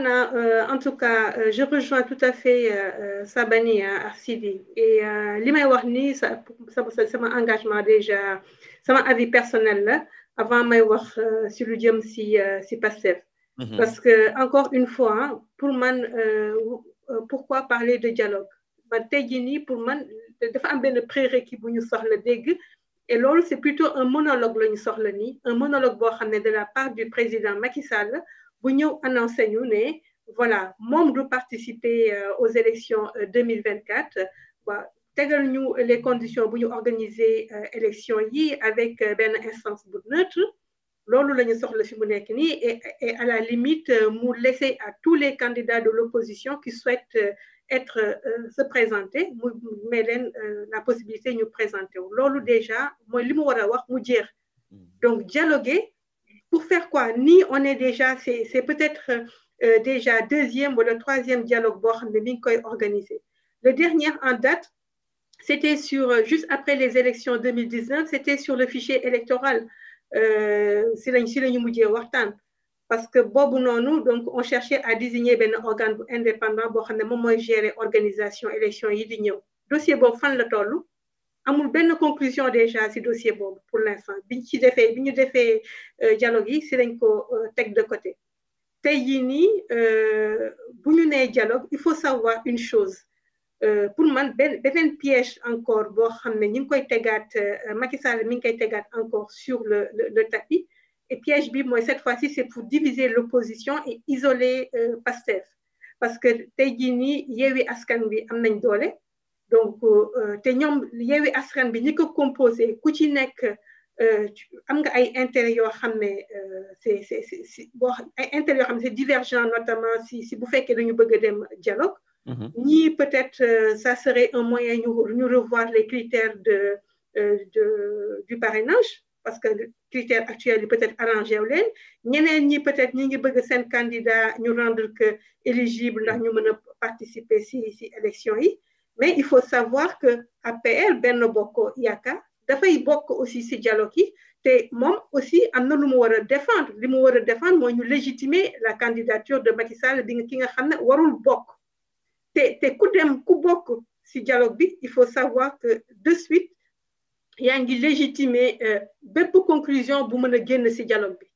Euh, en tout cas, euh, je rejoins tout à fait euh, Sabani à, Et Limay ça, c'est mon engagement déjà, c'est mon avis personnel avant de sur le dium si, si mhm. Parce que, encore une fois, hein, pour moi, pourquoi parler de dialogue Pour moi, il y a un prérequis pour nous sortir le et c'est plutôt un monologue, un monologue de la part du président Macky Sall nous avons annoncé voilà membres participer euh, aux élections 2024 euh, wa les conditions pour organiser euh, élection yi avec une instance neutre Nous et à la limite nous laisser à tous les candidats de l'opposition qui souhaitent être se présenter nous la possibilité de nous présenter Nous déjà nous li mu dire, mm. donc dialoguer pour faire quoi Ni on est déjà, c'est peut-être euh, euh, déjà deuxième ou le troisième dialogue bord de Minkoy organisé. Le dernier en date, c'était sur, euh, juste après les élections 2019, c'était sur le fichier électoral. Parce que Bob nous, donc, on cherchait à désigner un organe indépendant pour gérer l'organisation élection. Dossier Bob Fan le amul ben conclusion déjà ci dossier bob pour l'instant biñ ci défé biñu défé euh, dialogue yi si lañ ko euh, tek de côté tey jii nii euh, bu dialogue il faut savoir une chose pour man ben, beneen piège encore Bon, xam ne koy tegaat Macky Sall koy encore sur le le tapis et piège bi mooy cette fois-ci c'est pour diviser l'opposition et isoler Pastef parce que Teguini jii nii Yewwi Askan Wi am nañ donc euh, té ñom yeewi askan bi ñi ko composé ku ci euh am nga ay intérêt yo xamné euh c'est c'est si ay intérêt yo xamné c'est divergent notamment si si bu féké dañu bëgg a dem dialogue ni mm-hmm. peut-être euh, ça serait un moyen ñu ñu revoir les critères de euh, de du parrainage parce que critères actuels yi peut-être arrangé ou leen ñeneen ñi peut-être ñi ngi bëgg seen candidat ñu rendre que éligible ndax ñu mën participer si si élection yi mais il faut savoir que APL Benno Yaka Yaakaar dafay bokk aussi si dialogue yi te mom aussi amna lu mu wara défendre li mu wara défendre mooy ñu légitimer la candidature de Macky Sall bi ki nga xam warul bokk te te ku dem ku bokk si dialogue bi il faut savoir que de suite yaa ngi légitimer euh, bépp conclusion bu mën a génn si dialogue bi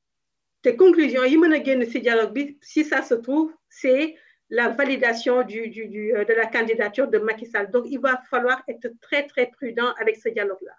te conclusion yi mën a génn si dialogue bi si ça se trouve c'est la validation du, du, du, euh, de la candidature de Macky Sall. Donc, il va falloir être très, très prudent avec ce dialogue-là.